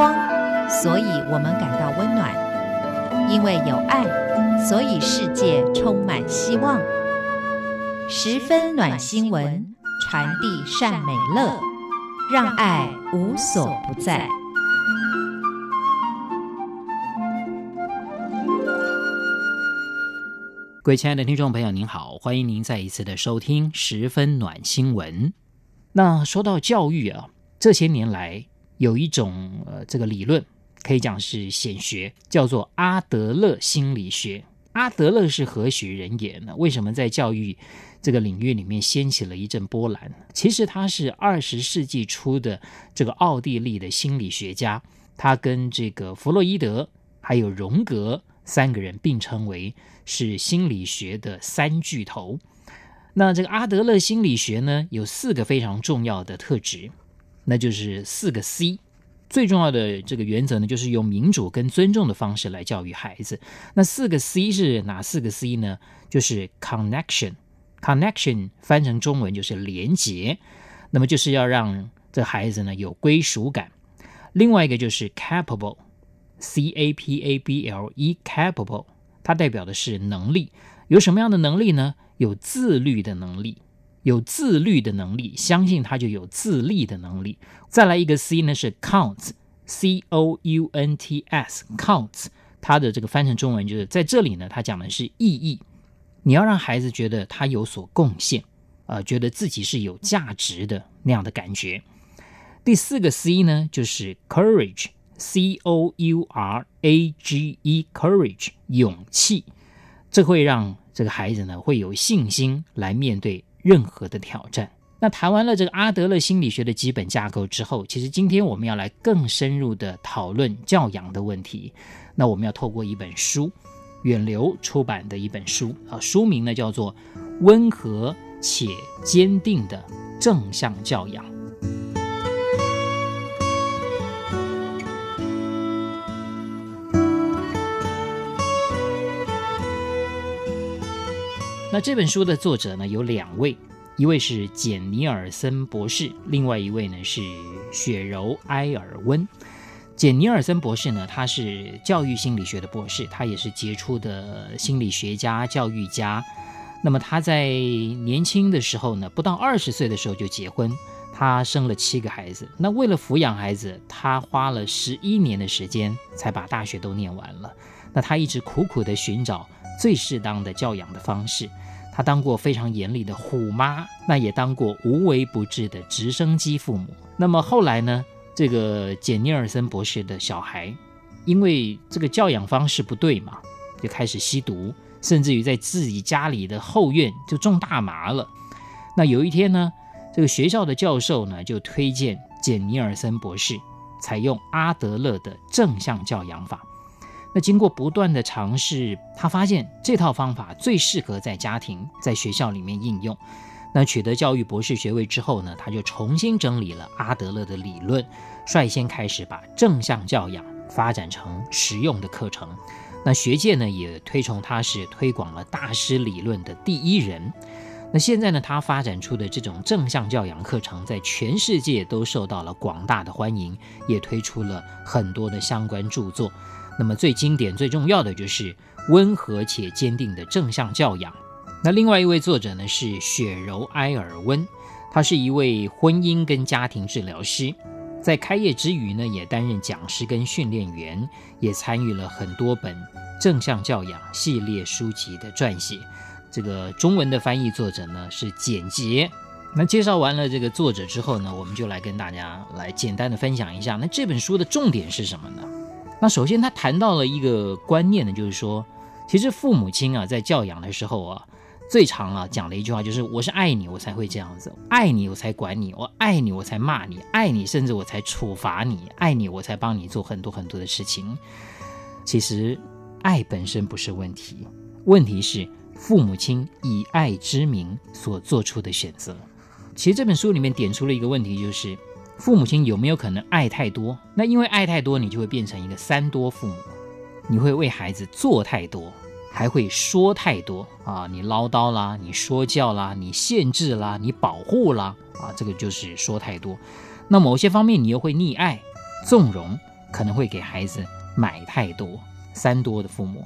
光，所以我們感到溫暖；因為有愛，所以世界充滿希望。十分暖新聞，傳遞善美樂，讓愛無所不在。各位親愛的聽眾朋友，您好，歡迎您再一次的收聽《十分暖新聞》。那說到教育啊，這些年來，有一種呃，這個理論可以講是顯學，叫做阿德勒心理學。阿德勒是何許人也呢？為什麼在教育這個領域裡面掀起了一陣波瀾？其實他是二十世紀初的這個奧地利的心理學家，他跟這個弗洛伊德還有榮格三個人並稱為是心理學的三巨頭。那這個阿德勒心理學呢，有四個非常重要的特質。那就是四個 C，最重要的這個原則呢，就是用民主跟尊重的方式來教育孩子。那四個 C 是哪四個 C 呢？就是 connection，connection 翻成中文就是連接，那麼就是要讓這孩子呢有歸屬感。另外一個就是 capable，C-A-P-A-B-L-E，capable 它代表的是能力，有什麼樣的能力呢？有自律的能力。有自律的能力，相信他就有自立的能力。再來一個 C 呢，是 counts，c o u n t s counts，它的這個翻譯成中文就是在這裡呢，他講的是意義。你要讓孩子覺得他有所貢獻，呃，覺得自己是有價值的那樣的感覺。第四個 C 呢，就是 courage，c o u r a g e courage，勇氣，這會讓這個孩子呢會有信心來面對任何的挑戰。那談完了這個阿德勒心理學的基本架構之後，其實今天我們要來更深入的討論教養的問題。那我們要透過一本書，遠流出版的一本書啊，書名呢叫做《溫和且堅定的正向教養》。那這本書的作者呢有兩位，一位是簡·尼爾森博士，另外一位呢是雪柔·埃爾溫。簡·尼爾森博士呢，他是教育心理學的博士，他也是傑出的心理學家、教育家。那麼他在年輕的時候呢，不到二十歲的時候就結婚，他生了七個孩子。那為了撫養孩子，他花了十一年的時間才把大學都念完了。那他一直苦苦地尋找。最適當的教養的方式，他當過非常嚴厲的虎媽，那也當過無微不至的直升機父母。那麼後來呢，這個簡尼爾森博士的小孩，因為這個教養方式不對嘛，就開始吸毒，甚至於在自己家裡的後院就種大麻了。那有一天呢，這個學校的教授呢就推薦簡尼爾森博士採用阿德勒的正向教養法。那經過不斷的嘗試，他發現這套方法最適合在家庭、在學校裡面應用。那取得教育博士學位之後呢，他就重新整理了阿德勒的理論，率先開始把正向教養發展成實用的課程。那學界呢，也推崇他是推廣了大師理論的第一人。那現在呢，他發展出的這種正向教養課程，在全世界都受到了廣大的歡迎，也推出了很多的相關著作。那麼最經典最重要的就是溫和且堅定的正向教養。那另外一位作者呢，是雪柔埃爾溫，她是一位婚姻跟家庭治療師，在開業之餘呢，也擔任講師跟訓練員，也參與了很多本正向教養系列書籍的撰寫。這個中文的翻譯作者呢，是簡潔。那介紹完了這個作者之後呢，我們就來跟大家來簡單的分享一下，那這本書的重點是什麼呢？那首先，他談到了一個觀念呢，就是說，其實父母親啊，在教養的時候啊，最常啊講的一句話就是：我是愛你，我才會這樣子；愛你，我才管你；我愛你，我才罵你；愛你，甚至我才處罰你；愛你，我才幫你做很多很多的事情。其實，愛本身不是問題，問題是父母親以愛之名所做出的選擇。其實這本書裡面點出了一個問題，就是。父母親有沒有可能愛太多？那因為愛太多，你就會變成一個三多父母，你會為孩子做太多，還會說太多啊！你嘮叨啦，你說教啦，你限制啦，你保護啦，啊，這個就是說太多。那某些方面你又會溺愛、縱容，可能會給孩子買太多，三多的父母。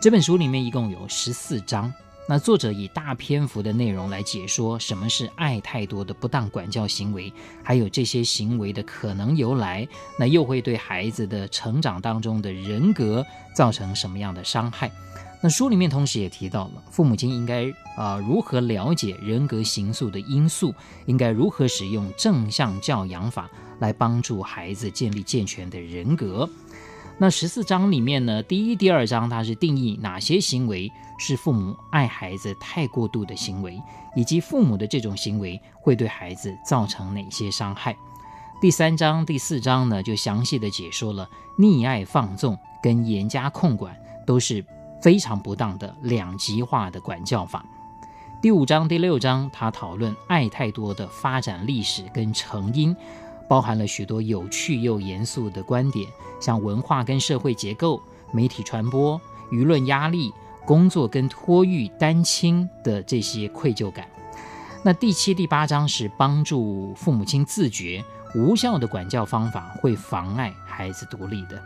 這本書裡面一共有十四章。那作者以大篇幅的內容來解說什麼是愛太多的不當管教行為，還有這些行為的可能由來，那又會對孩子的成長當中的人格造成什麼樣的傷害？那書裡面同時也提到了父母親應該啊、呃、如何了解人格形塑的因素，應該如何使用正向教養法來幫助孩子建立健全的人格。那十四章裡面呢，第一、第二章它是定義哪些行為是父母愛孩子太過度的行為，以及父母的這種行為會對孩子造成哪些傷害。第三章、第四章呢，就詳細的解說了溺愛放縱跟嚴加控管都是非常不當的兩極化的管教法。第五章、第六章他討論愛太多的發展歷史跟成因。包含了許多有趣又嚴肅的觀點，像文化跟社會結構、媒體傳播、輿論壓力、工作跟托育、單親的這些愧疚感。那第七、第八章是幫助父母親自覺無效的管教方法，會妨礙孩子獨立的。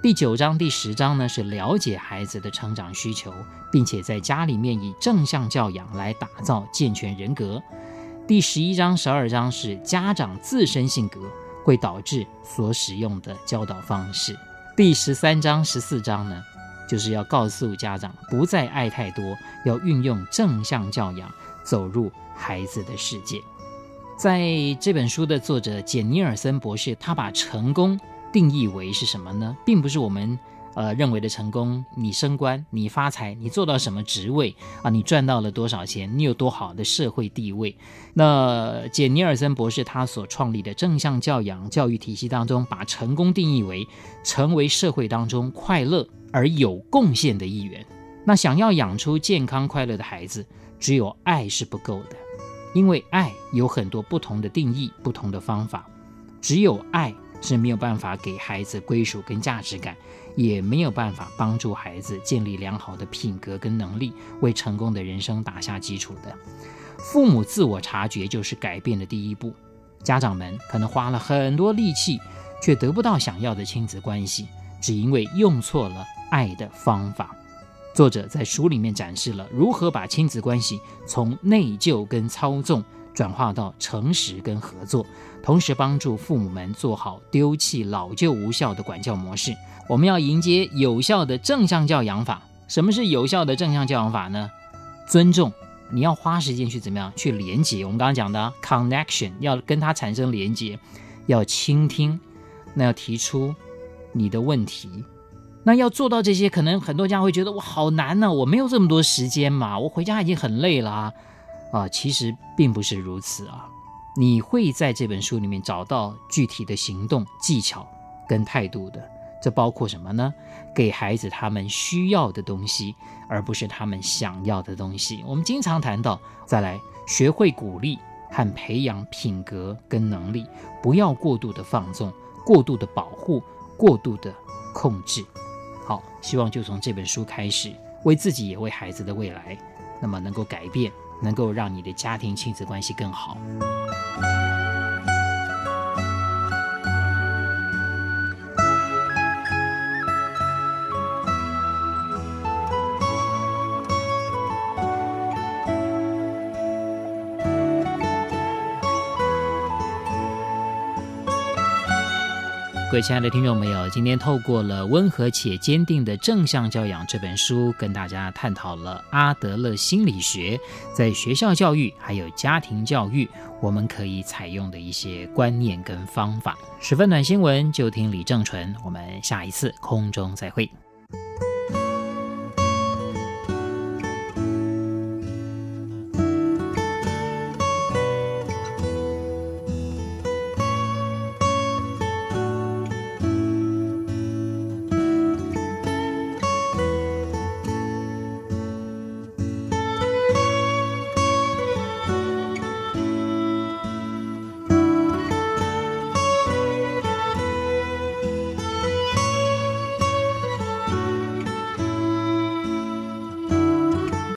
第九章、第十章呢，是了解孩子的成長需求，並且在家裡面以正向教養來打造健全人格。第十一章、十二章是家長自身性格會導致所使用的教導方式。第十三章、十四章呢，就是要告訴家長不再愛太多，要運用正向教養走入孩子的世界。在這本書的作者簡尼爾森博士，他把成功定義為是什麼呢？並不是我們。呃，認為的成功，你升官，你發財，你做到什麼職位啊？你賺到了多少錢？你有多好的社會地位？那簡尼爾森博士他所創立的正向教養教育體系當中，把成功定義為成為社會當中快樂而有貢獻的一員。那想要養出健康快樂的孩子，只有愛是不夠的，因為愛有很多不同的定義、不同的方法，只有愛是沒有辦法給孩子歸屬跟價值感。也沒有辦法幫助孩子建立良好的品格跟能力，為成功的人生打下基礎的。父母自我察覺就是改變的第一步。家長們可能花了很多力氣，卻得不到想要的親子關係，只因為用錯了愛的方法。作者在書裡面展示了如何把親子關係從內疚跟操縱。轉化到誠實跟合作，同時幫助父母們做好丟棄老舊無效的管教模式。我們要迎接有效的正向教養法。什麼是有效的正向教養法呢？尊重，你要花時間去怎麼樣去連接？我們剛剛講的 connection，要跟他產生連接，要傾聽，那要提出你的問題。那要做到這些，可能很多家長會覺得我好難呢啊，我沒有這麼多時間嘛，我回家已經很累了啊。啊，其實並不是如此啊！你會在這本書裡面找到具體的行動技巧跟態度的。這包括什麼呢？給孩子他們需要的東西，而不是他們想要的東西。我們經常談到，再來學會鼓勵和培養品格跟能力，不要過度的放縱、過度的保護、過度的控制。好，希望就從這本書開始，為自己也為孩子的未來，那麼能夠改變。能夠讓你的家庭親子關係更好。各位親愛的聽眾朋友，今天透過了《溫和且堅定的正向教養》這本書，跟大家探討了阿德勒心理學，在學校教育，還有家庭教育，我們可以採用的一些觀念跟方法。十分暖新聞，就聽李正淳。我們下一次空中再會。